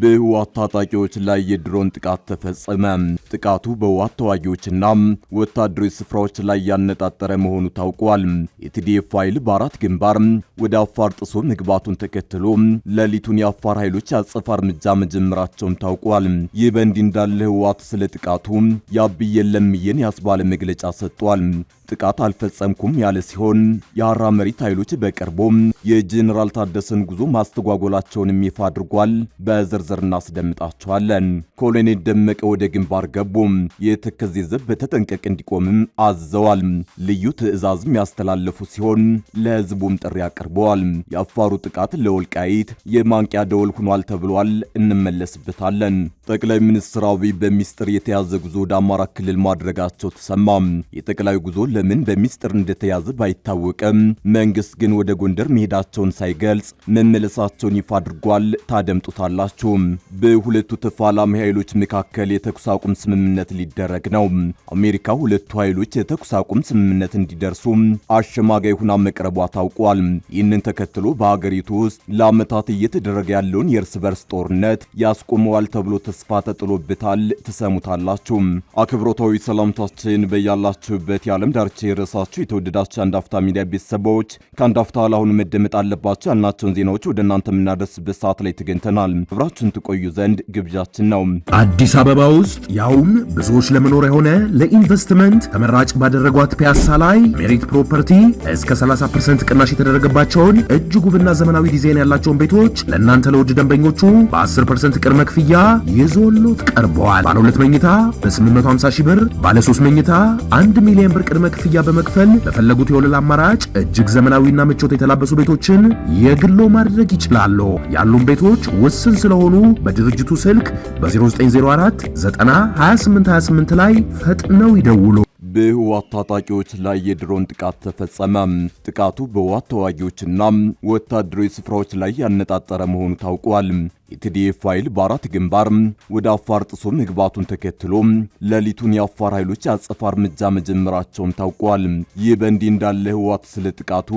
በህወሓት ታጣቂዎች ላይ የድሮን ጥቃት ተፈጸመ። ጥቃቱ በህወሓት ተዋጊዎችና ወታደራዊ ስፍራዎች ላይ ያነጣጠረ መሆኑ ታውቋል። የቲዲኤፍ ኃይል በአራት ግንባር ወደ አፋር ጥሶ መግባቱን ተከትሎ ሌሊቱን የአፋር ኃይሎች የአጸፋ እርምጃ መጀመራቸውም ታውቋል። ይህ በእንዲህ እንዳለ ህወሓት ስለ ጥቃቱ የአብይ የለምዬን ያስባለ መግለጫ ሰጥቷል። ጥቃት አልፈጸምኩም ያለ ሲሆን የአራ መሬት ኃይሎች በቅርቡም የጄኔራል ታደሰን ጉዞ ማስተጓጎላቸውን ይፋ አድርጓል። በዝርዝር እናስደምጣቸዋለን። ኮሎኔል ደመቀ ወደ ግንባር ገቡም። የተከዜ ዘብ በተጠንቀቅ እንዲቆምም አዘዋል። ልዩ ትዕዛዝም ያስተላለፉ ሲሆን ለህዝቡም ጥሪ አቅርበዋል። የአፋሩ ጥቃት ለወልቃይት የማንቂያ ደወል ሆኗል ተብሏል። እንመለስበታለን። ጠቅላይ ሚኒስትር አብይ በሚስጥር የተያዘ ጉዞ ወደ አማራ ክልል ማድረጋቸው ተሰማ። የጠቅላዩ ጉዞ ለምን በሚስጥር እንደተያዘ ባይታወቅም መንግስት ግን ወደ ጎንደር መሄዳቸውን ሳይገልጽ መመለሳቸውን ይፋ አድርጓል። ታደምጡታላችሁ። በሁለቱ ተፋላሚ ኃይሎች መካከል የተኩስ አቁም ስምምነት ሊደረግ ነው። አሜሪካ ሁለቱ ኃይሎች የተኩስ አቁም ስምምነት እንዲደርሱ አሸማጋይ ሁና መቅረቧ ታውቋል። ይህንን ተከትሎ በሀገሪቱ ውስጥ ለአመታት እየተደረገ ያለውን የእርስ በርስ ጦርነት ያስቆመዋል ተብሎ ተስ ተስፋ ተጥሎብታል ትሰሙታላችሁ። አክብሮታዊ ሰላምታችን በያላችሁበት የዓለም ዳርቻ የረሳችሁ የተወደዳችሁ አንድ ሚዲያ ቤተሰቦች ከአንድ አፍታ ለአሁኑ መደመጥ አለባቸው ያልናቸውን ዜናዎች ወደ እናንተ የምናደርስበት ሰዓት ላይ ተገኝተናል። አብራችሁን ትቆዩ ዘንድ ግብዣችን ነው። አዲስ አበባ ውስጥ ያውም ብዙዎች ለመኖር የሆነ ለኢንቨስትመንት ተመራጭ ባደረጓት ፒያሳ ላይ ሜሪት ፕሮፐርቲ እስከ 30% ቅናሽ የተደረገባቸውን እጅግ ውብና ዘመናዊ ዲዛይን ያላቸውን ቤቶች ለእናንተ ለውድ ደንበኞቹ በ10% ቅድመ ክፍያ ይዞሎት ቀርበዋል። ባለ ሁለት መኝታ በ850 ሺህ ብር፣ ባለ ሶስት መኝታ 1 ሚሊዮን ብር ቅድመ ክፍያ በመክፈል በፈለጉት የወለል አማራጭ እጅግ ዘመናዊና ምቾት የተላበሱ ቤቶችን የግሎ ማድረግ ይችላሉ። ያሉን ቤቶች ውስን ስለሆኑ በድርጅቱ ስልክ በ0904 28 ላይ ፈጥነው ይደውሉ። በህወሓት ታጣቂዎች ላይ የድሮን ጥቃት ተፈጸመ። ጥቃቱ በህወሓት ተዋጊዎችና ወታደራዊ ስፍራዎች ላይ ያነጣጠረ መሆኑ ታውቋል። የቲዲኤፍ ኃይል በአራት ግንባር ወደ አፋር ጥሶ መግባቱን ተከትሎ ሌሊቱን የአፋር ኃይሎች የአጸፋ እርምጃ መጀመራቸውን ታውቋል። ይህ በእንዲህ እንዳለ ህወሓት ስለ ጥቃቱ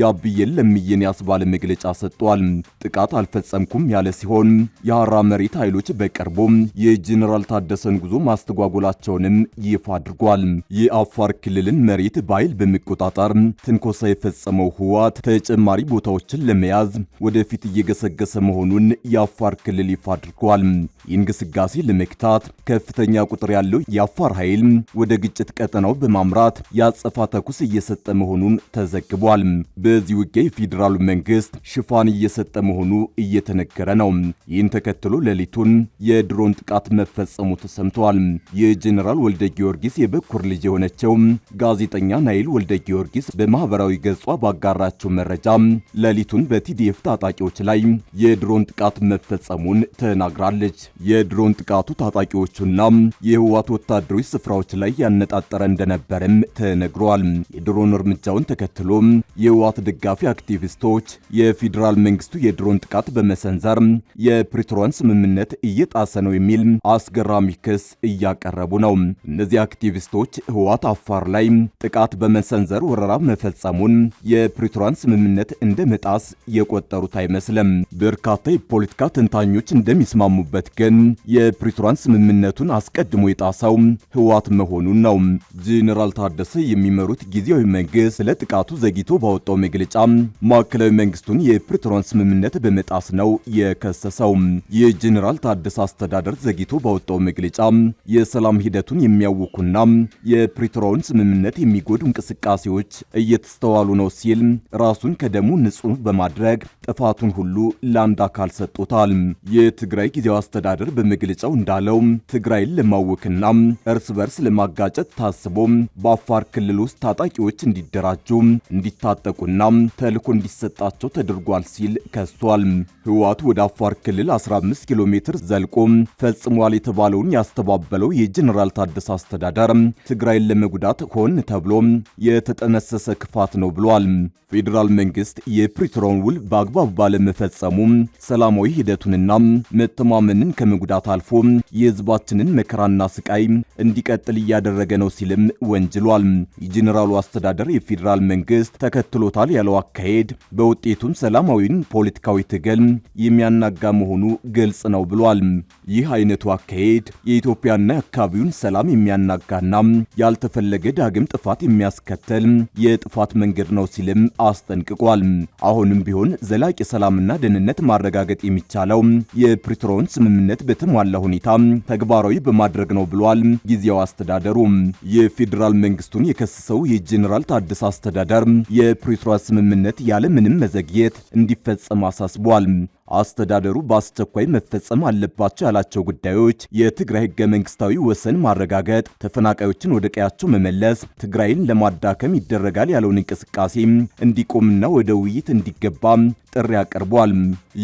የአብዬን ለምየን ያስባለ መግለጫ ሰጥቷል። ጥቃት አልፈጸምኩም ያለ ሲሆን የሐራ መሬት ኃይሎች በቅርቡ የጄኔራል ታደሰን ጉዞ ማስተጓጎላቸውንም ይፋ አድርጓል። የአፋር ክልልን መሬት በኃይል በመቆጣጠር ትንኮሳ የፈጸመው ህወሓት ተጨማሪ ቦታዎችን ለመያዝ ወደፊት እየገሰገሰ መሆኑን ያ የአፋር ክልል ይፋ አድርገዋል። ይህ ለመክታት ከፍተኛ ቁጥር ያለው የአፋር ኃይል ወደ ግጭት ቀጠናው በማምራት የአጸፋ ተኩስ እየሰጠ መሆኑን ተዘግቧል። በዚህ ውጊያ የፌዴራሉ መንግስት ሽፋን እየሰጠ መሆኑ እየተነገረ ነው። ይህን ተከትሎ ሌሊቱን የድሮን ጥቃት መፈጸሙ ተሰምተዋል። የጄኔራል ወልደ ጊዮርጊስ የበኩር ልጅ የሆነችው ጋዜጠኛ ናይል ወልደ ጊዮርጊስ በማህበራዊ ገጿ ባጋራቸው መረጃ ሌሊቱን በቲዲኤፍ ታጣቂዎች ላይ የድሮን ጥቃት መፈጸሙን ተናግራለች። የድሮን ጥቃቱ ታጣቂዎቹና የህወሓት ወታደሮች ስፍራዎች ላይ ያነጣጠረ እንደነበረም ተነግሯል። የድሮን እርምጃውን ተከትሎ የህወሓት ደጋፊ አክቲቪስቶች የፌዴራል መንግስቱ የድሮን ጥቃት በመሰንዘር የፕሪቶሪያን ስምምነት እየጣሰ ነው የሚል አስገራሚ ክስ እያቀረቡ ነው። እነዚህ አክቲቪስቶች ህወሓት አፋር ላይ ጥቃት በመሰንዘር ወረራ መፈጸሙን የፕሪቶሪያን ስምምነት እንደ መጣስ የቆጠሩት አይመስልም። በርካታ የፖለቲካ ተንታኞች እንደሚስማሙበት ግን የፕሪቶሪያን ስምምነቱን አስቀድሞ የጣሰው ህወሓት መሆኑን ነው። ጄኔራል ታደሰ የሚመሩት ጊዜያዊ መንግስት ስለ ጥቃቱ ዘግይቶ ባወጣው መግለጫ ማዕከላዊ መንግስቱን የፕሪቶሪያን ስምምነት በመጣስ ነው የከሰሰው። የጄኔራል ታደሰ አስተዳደር ዘግይቶ ባወጣው መግለጫ የሰላም ሂደቱን የሚያውኩና የፕሪቶሪያውን ስምምነት የሚጎዱ እንቅስቃሴዎች እየተስተዋሉ ነው ሲል ራሱን ከደሙ ንጹህ በማድረግ ጥፋቱን ሁሉ ለአንድ አካል ሰጥቶታል። አውጥተዋል። የትግራይ ጊዜያዊ አስተዳደር በመግለጫው እንዳለው ትግራይን ለማወክና እርስ በርስ ለማጋጨት ታስቦ በአፋር ክልል ውስጥ ታጣቂዎች እንዲደራጁ እንዲታጠቁና ተልዕኮ እንዲሰጣቸው ተደርጓል ሲል ከሷል። ህወሓት ወደ አፋር ክልል 15 ኪሎ ሜትር ዘልቆ ፈጽሟል የተባለውን ያስተባበለው የጀኔራል ታደሰ አስተዳደር ትግራይን ለመጉዳት ሆን ተብሎ የተጠነሰሰ ክፋት ነው ብሏል። ፌዴራል መንግስት የፕሪቶሪያውን ውል በአግባብ ባለመፈጸሙ ሰላማዊ ሂደቱንና መተማመንን ከመጉዳት አልፎ የህዝባችንን መከራና ስቃይ እንዲቀጥል እያደረገ ነው ሲልም ወንጅሏል። የጄኔራሉ አስተዳደር የፌዴራል መንግስት ተከትሎታል ያለው አካሄድ በውጤቱም ሰላማዊን ፖለቲካዊ ትግል የሚያናጋ መሆኑ ግልጽ ነው ብሏል። ይህ አይነቱ አካሄድ የኢትዮጵያና የአካባቢውን ሰላም የሚያናጋና ያልተፈለገ ዳግም ጥፋት የሚያስከተል የጥፋት መንገድ ነው ሲልም አስጠንቅቋል። አሁንም ቢሆን ዘላቂ ሰላምና ደህንነት ማረጋገጥ የሚቻል የተቻለው የፕሪቶሪያውን ስምምነት በተሟላ ሁኔታ ተግባራዊ በማድረግ ነው ብሏል። ጊዜያዊ አስተዳደሩ የፌዴራል መንግስቱን የከሰሰው የጄኔራል ታደሰ አስተዳደር የፕሪቶሪያ ስምምነት ያለ ምንም መዘግየት እንዲፈጸም አሳስቧል። አስተዳደሩ በአስቸኳይ መፈጸም አለባቸው ያላቸው ጉዳዮች የትግራይ ህገ መንግስታዊ ወሰን ማረጋገጥ፣ ተፈናቃዮችን ወደ ቀያቸው መመለስ፣ ትግራይን ለማዳከም ይደረጋል ያለውን እንቅስቃሴ እንዲቆምና ወደ ውይይት እንዲገባ ጥሪ አቅርቧል።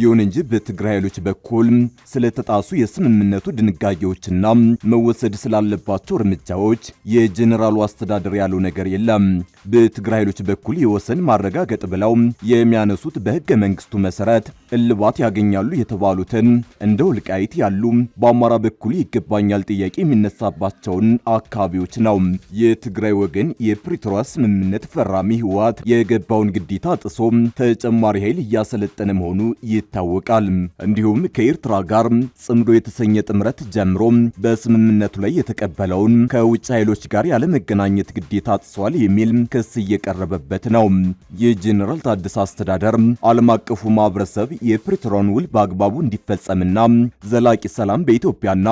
ይሁን እንጂ በትግራይ ኃይሎች በኩል ስለተጣሱ የስምምነቱ ድንጋጌዎችና መወሰድ ስላለባቸው እርምጃዎች የጀኔራሉ አስተዳደር ያለው ነገር የለም። በትግራይ ኃይሎች በኩል የወሰን ማረጋገጥ ብለው የሚያነሱት በህገ መንግስቱ መሰረት እልባት ያገኛሉ የተባሉትን እንደ ወልቃይት ያሉ በአማራ በኩል ይገባኛል ጥያቄ የሚነሳባቸውን አካባቢዎች ነው። የትግራይ ወገን የፕሪቶሪያ ስምምነት ፈራሚ ህወሓት የገባውን ግዴታ ጥሶ ተጨማሪ ኃይል እያ እያሰለጠነ መሆኑ ይታወቃል። እንዲሁም ከኤርትራ ጋር ጽምዶ የተሰኘ ጥምረት ጀምሮ በስምምነቱ ላይ የተቀበለውን ከውጭ ኃይሎች ጋር ያለመገናኘት ግዴታ ጥሷል የሚል ክስ እየቀረበበት ነው። የጄኔራል ታደሰ አስተዳደር ዓለም አቀፉ ማህበረሰብ የፕሪቶሪያን ውል በአግባቡ እንዲፈጸምና ዘላቂ ሰላም በኢትዮጵያና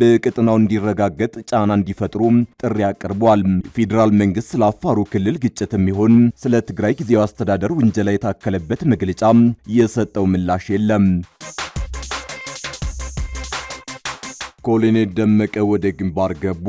በቅጥናው እንዲረጋገጥ ጫና እንዲፈጥሩ ጥሪ አቅርቧል። ፌዴራል መንግስት ስለ አፋሩ ክልል ግጭት የሚሆን ስለ ትግራይ ጊዜያዊ አስተዳደር ውንጀላ የታከለበት መግለጫ ቢመጣም የሰጠው ምላሽ የለም። ኮሎኔል ደመቀ ወደ ግንባር ገቡ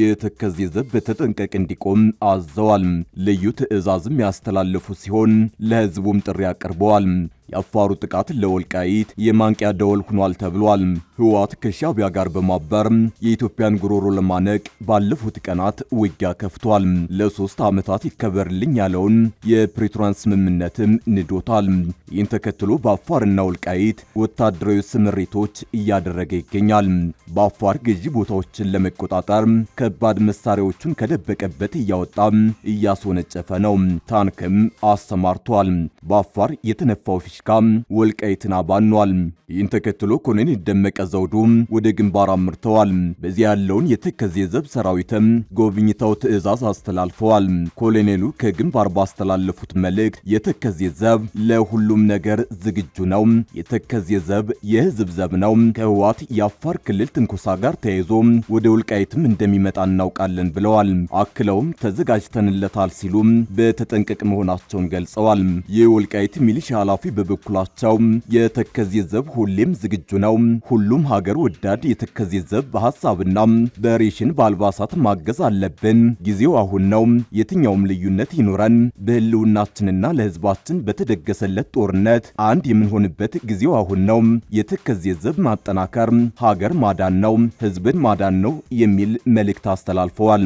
የተከዜ ዘብ በተጠንቀቅ እንዲቆም አዘዋል። ልዩ ትዕዛዝም ያስተላለፉ ሲሆን ለህዝቡም ጥሪ አቅርበዋል። የአፋሩ ጥቃት ለወልቃይት የማንቂያ ደወል ሆኗል ተብሏል። ህወሓት ከሻቢያ ጋር በማበር የኢትዮጵያን ጉሮሮ ለማነቅ ባለፉት ቀናት ውጊያ ከፍቷል። ለሶስት ዓመታት ይከበርልኝ ያለውን የፕሪቶሪያን ስምምነትም ንዶታል። ይህን ተከትሎ በአፋርና ወልቃይት ወታደራዊ ስምሪቶች እያደረገ ይገኛል። በአፋር ገዢ ቦታዎችን ለመቆጣጠር ከባድ መሳሪያዎቹን ከደበቀበት እያወጣ እያስወነጨፈ ነው። ታንክም አሰማርቷል። በአፋር የተነፋው ሻሽካ ወልቃይትን አባኗል። ይህን ተከትሎ ኮሎኔል ደመቀ ዘውዱ ወደ ግንባር አምርተዋል። በዚህ ያለውን የተከዜ ዘብ ሰራዊትም ጎብኝተው ትዕዛዝ አስተላልፈዋል። ኮሎኔሉ ከግንባር ባስተላለፉት መልእክት የተከዜ ዘብ ለሁሉም ነገር ዝግጁ ነው። የተከዜ ዘብ የህዝብ ዘብ ነው። ከህዋት የአፋር ክልል ትንኮሳ ጋር ተያይዞ ወደ ውልቃይትም እንደሚመጣ እናውቃለን ብለዋል። አክለውም ተዘጋጅተንለታል ሲሉ በተጠንቀቅ መሆናቸውን ገልጸዋል። የውልቃይት ሚሊሻ ኃላፊ በ በበኩላቸው የተከዜ ዘብ ሁሌም ዝግጁ ነው፣ ሁሉም ሀገር ወዳድ የተከዜ ዘብ በሀሳብና በሬሽን በአልባሳት ማገዝ አለብን። ጊዜው አሁን ነው። የትኛውም ልዩነት ይኖረን በህልውናችንና ለህዝባችን በተደገሰለት ጦርነት አንድ የምንሆንበት ጊዜው አሁን ነው። የተከዜ ዘብ ማጠናከር ሀገር ማዳን ነው፣ ህዝብን ማዳን ነው የሚል መልእክት አስተላልፈዋል።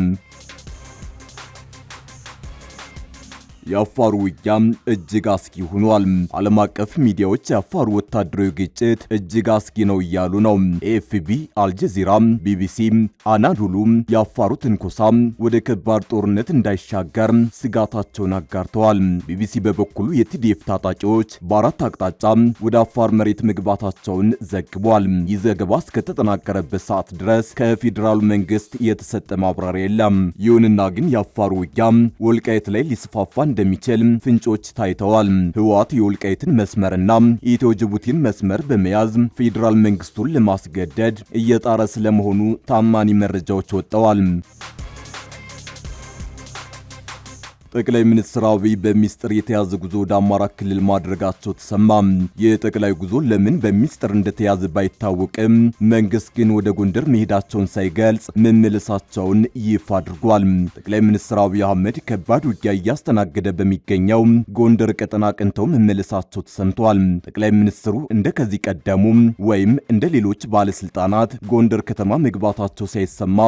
የአፋሩ ውጊያም እጅግ አስጊ ሆኗል። ዓለም አቀፍ ሚዲያዎች የአፋሩ ወታደራዊ ግጭት እጅግ አስጊ ነው እያሉ ነው። ኤኤፍቢ፣ አልጀዚራ፣ ቢቢሲ፣ አናዶሉ የአፋሩ ትንኮሳ ወደ ከባድ ጦርነት እንዳይሻገር ስጋታቸውን አጋርተዋል። ቢቢሲ በበኩሉ የቲዲኤፍ ታጣቂዎች በአራት አቅጣጫ ወደ አፋር መሬት መግባታቸውን ዘግቧል። ይህ ዘገባ እስከተጠናቀረበት ሰዓት ድረስ ከፌዴራሉ መንግስት የተሰጠ ማብራሪያ የለም። ይሁንና ግን የአፋሩ ውጊያ ወልቃየት ላይ ሊስፋፋ እንደ እንደሚችል ፍንጮች ታይተዋል። ህወሓት የወልቃይትን መስመርና የኢትዮ ጅቡቲን መስመር በመያዝ ፌዴራል መንግስቱን ለማስገደድ እየጣረ ስለመሆኑ ታማኒ መረጃዎች ወጥተዋል። ጠቅላይ ሚኒስትር አብይ በሚስጥር የተያዘ ጉዞ ወደ አማራ ክልል ማድረጋቸው ተሰማ። የጠቅላይ ጉዞ ለምን በሚስጥር እንደተያዘ ባይታወቅም መንግስት ግን ወደ ጎንደር መሄዳቸውን ሳይገልጽ መመለሳቸውን ይፋ አድርጓል። ጠቅላይ ሚኒስትር አብይ አህመድ ከባድ ውጊያ እያስተናገደ በሚገኘው ጎንደር ቀጠና ቅንተው መመለሳቸው ተሰምቷል። ጠቅላይ ሚኒስትሩ እንደ ከዚህ ቀደሙ ወይም እንደ ሌሎች ባለስልጣናት ጎንደር ከተማ መግባታቸው ሳይሰማ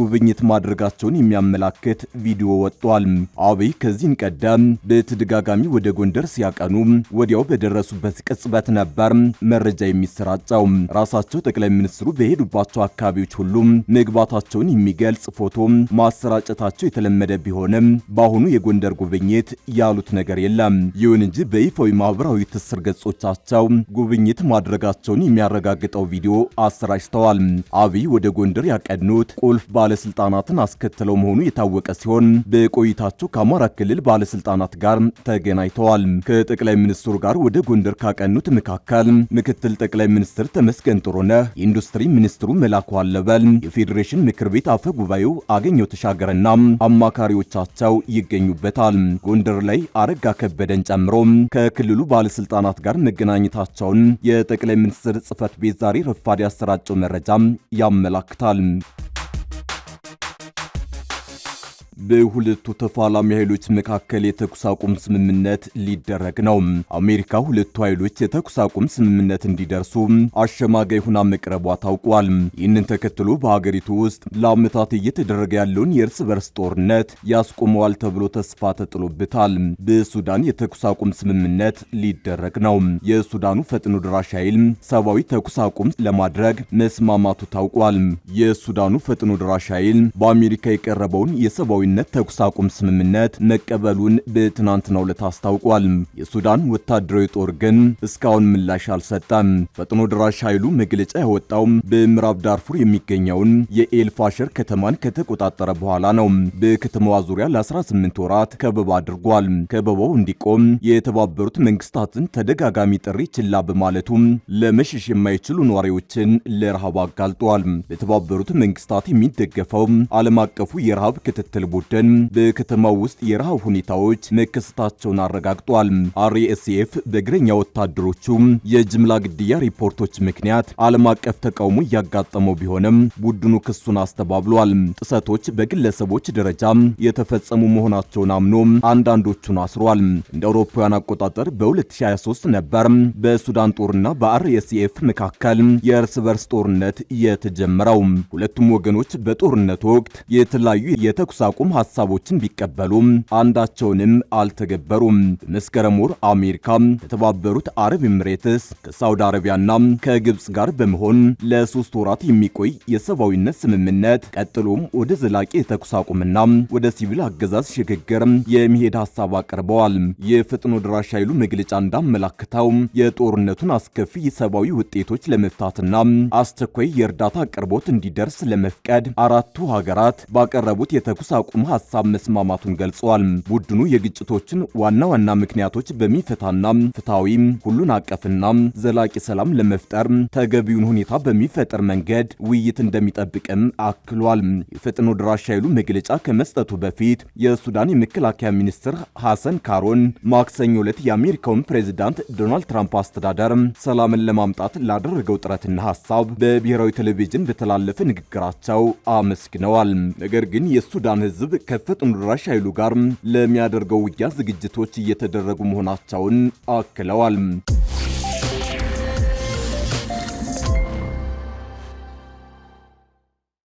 ጉብኝት ማድረጋቸውን የሚያመላክት ቪዲዮ ወጥቷል። አብይ እኒህ ከዚህን ቀደም በተደጋጋሚ ወደ ጎንደር ሲያቀኑ ወዲያው በደረሱበት ቅጽበት ነበር መረጃ የሚሰራጨው። ራሳቸው ጠቅላይ ሚኒስትሩ በሄዱባቸው አካባቢዎች ሁሉ መግባታቸውን የሚገልጽ ፎቶ ማሰራጨታቸው የተለመደ ቢሆንም በአሁኑ የጎንደር ጉብኝት ያሉት ነገር የለም። ይሁን እንጂ በይፋዊ ማህበራዊ ትስር ገጾቻቸው ጉብኝት ማድረጋቸውን የሚያረጋግጠው ቪዲዮ አሰራጭተዋል። አብይ ወደ ጎንደር ያቀኑት ቁልፍ ባለስልጣናትን አስከትለው መሆኑ የታወቀ ሲሆን በቆይታቸው ከማ የአማራ ክልል ባለስልጣናት ጋር ተገናኝተዋል። ከጠቅላይ ሚኒስትሩ ጋር ወደ ጎንደር ካቀኑት መካከል ምክትል ጠቅላይ ሚኒስትር ተመስገን ጥሩነህ፣ የኢንዱስትሪ ሚኒስትሩ መላኩ አለበል፣ የፌዴሬሽን ምክር ቤት አፈ ጉባኤው አገኘው ተሻገረና አማካሪዎቻቸው ይገኙበታል። ጎንደር ላይ አረጋ ከበደን ጨምሮ ከክልሉ ባለስልጣናት ጋር መገናኘታቸውን የጠቅላይ ሚኒስትር ጽህፈት ቤት ዛሬ ረፋድ ያሰራጨው መረጃ ያመላክታል። በሁለቱ ተፋላሚ ኃይሎች መካከል የተኩስ አቁም ስምምነት ሊደረግ ነው። አሜሪካ ሁለቱ ኃይሎች የተኩስ አቁም ስምምነት እንዲደርሱ አሸማጋይ ሁና መቅረቧ ታውቋል። ይህንን ተከትሎ በሀገሪቱ ውስጥ ለአመታት እየተደረገ ያለውን የእርስ በርስ ጦርነት ያስቆመዋል ተብሎ ተስፋ ተጥሎበታል። በሱዳን የተኩስ አቁም ስምምነት ሊደረግ ነው። የሱዳኑ ፈጥኖ ድራሽ ኃይል ሰብአዊ ተኩስ አቁም ለማድረግ መስማማቱ ታውቋል። የሱዳኑ ፈጥኖ ድራሽ ኃይል በአሜሪካ የቀረበውን የሰብአዊ የጊዜያዊነት ተኩስ አቁም ስምምነት መቀበሉን በትናንትናው ዕለት አስታውቋል። የሱዳን ወታደራዊ ጦር ግን እስካሁን ምላሽ አልሰጠም። ፈጥኖ ድራሽ ኃይሉ መግለጫ ያወጣው በምዕራብ ዳርፉር የሚገኘውን የኤልፋሸር ከተማን ከተቆጣጠረ በኋላ ነው። በከተማዋ ዙሪያ ለ18 ወራት ከበባ አድርጓል። ከበባው እንዲቆም የተባበሩት መንግስታትን ተደጋጋሚ ጥሪ ችላ በማለቱም ለመሸሽ የማይችሉ ነዋሪዎችን ለረሃብ አጋልጧል። በተባበሩት መንግስታት የሚደገፈው ዓለም አቀፉ የረሃብ ክትትል ቡድን በከተማው ውስጥ የረሃብ ሁኔታዎች መከሰታቸውን አረጋግጧል። አርኤስኤፍ በእግረኛ ወታደሮቹ የጅምላ ግድያ ሪፖርቶች ምክንያት ዓለም አቀፍ ተቃውሞ እያጋጠመው ቢሆንም ቡድኑ ክሱን አስተባብሏል። ጥሰቶች በግለሰቦች ደረጃ የተፈጸሙ መሆናቸውን አምኖ አንዳንዶቹን አስሯል። እንደ አውሮፓውያን አቆጣጠር በ2023 ነበር በሱዳን ጦርና በአርኤስኤፍ መካከል የእርስ በርስ ጦርነት የተጀመረው። ሁለቱም ወገኖች በጦርነት ወቅት የተለያዩ የተኩስ አቁም የሪፎርም ሀሳቦችን ቢቀበሉም አንዳቸውንም አልተገበሩም። በመስከረም ወር አሜሪካ ከተባበሩት አረብ ኤምሬትስ ከሳውዲ አረቢያና ከግብፅ ጋር በመሆን ለሶስት ወራት የሚቆይ የሰብአዊነት ስምምነት ቀጥሎም ወደ ዘላቂ የተኩስ አቁምና ወደ ሲቪል አገዛዝ ሽግግር የሚሄድ ሀሳብ አቅርበዋል። የፈጥኖ ድራሽ ኃይሉ መግለጫ እንዳመላክተው የጦርነቱን አስከፊ የሰብአዊ ውጤቶች ለመፍታትና አስቸኳይ የእርዳታ አቅርቦት እንዲደርስ ለመፍቀድ አራቱ ሀገራት ባቀረቡት የተኩስ አቁም የፍጹም ሀሳብ መስማማቱን ገልጸዋል። ቡድኑ የግጭቶችን ዋና ዋና ምክንያቶች በሚፈታና ፍትሐዊ ሁሉን አቀፍና ዘላቂ ሰላም ለመፍጠር ተገቢውን ሁኔታ በሚፈጠር መንገድ ውይይት እንደሚጠብቅም አክሏል። የፈጥኖ ደራሽ ኃይሉ መግለጫ ከመስጠቱ በፊት የሱዳን የመከላከያ ሚኒስትር ሐሰን ካሮን ማክሰኞ ዕለት የአሜሪካውን ፕሬዚዳንት ዶናልድ ትራምፕ አስተዳደር ሰላምን ለማምጣት ላደረገው ጥረትና ሀሳብ በብሔራዊ ቴሌቪዥን በተላለፈ ንግግራቸው አመስግነዋል። ነገር ግን የሱዳን ህዝብ ህዝብ ከፈጥኖ ደራሽ ኃይሉ ጋር ለሚያደርገው ውጊያ ዝግጅቶች እየተደረጉ መሆናቸውን አክለዋል።